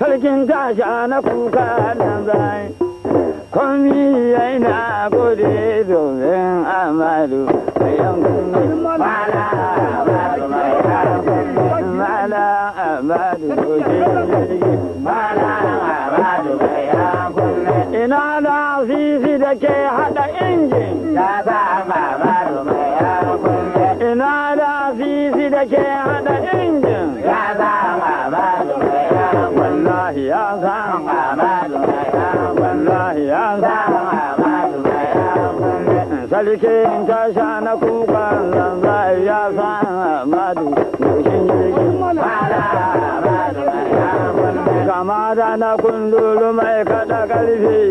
sarkin tasha na kuka nan zai komi yai na gode domin amalu a yankun mala amalu mala amalu mala amalu ina da sisi da ke hada injin ya ba amalu da ke hada injin ya zama ba wallahi ya zama ba wallahi ya ba ta tasha na kuka zanzai ya san madu jirgin kama da na kundulu mai kada karfi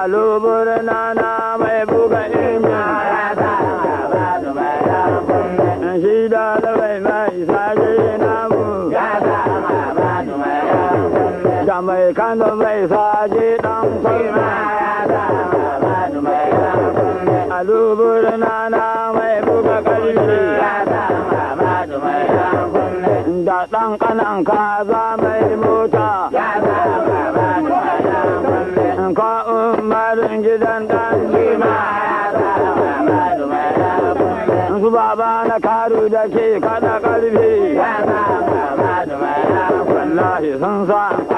a lubur na na da mai kano mai saje dan kulma a dubur nana mai buga ƙarfi da ɗan kanan kaza mai mota ka umarin gidan ɗan su baba na karu da ke kada ƙarfi wallahi sun sa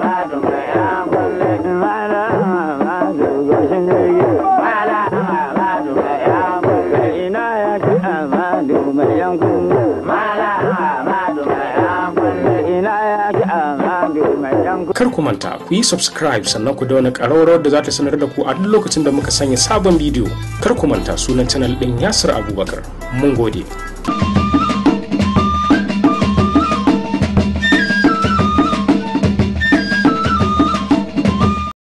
mai yankun. Kar ku manta ku yi subscribe sannan ku da wani ƙararrawar da za ta sanar da ku a duk lokacin da muka sanya sabon bidiyo. Kar ku manta sunan canal ɗin Yasir Abubakar. Mun gode.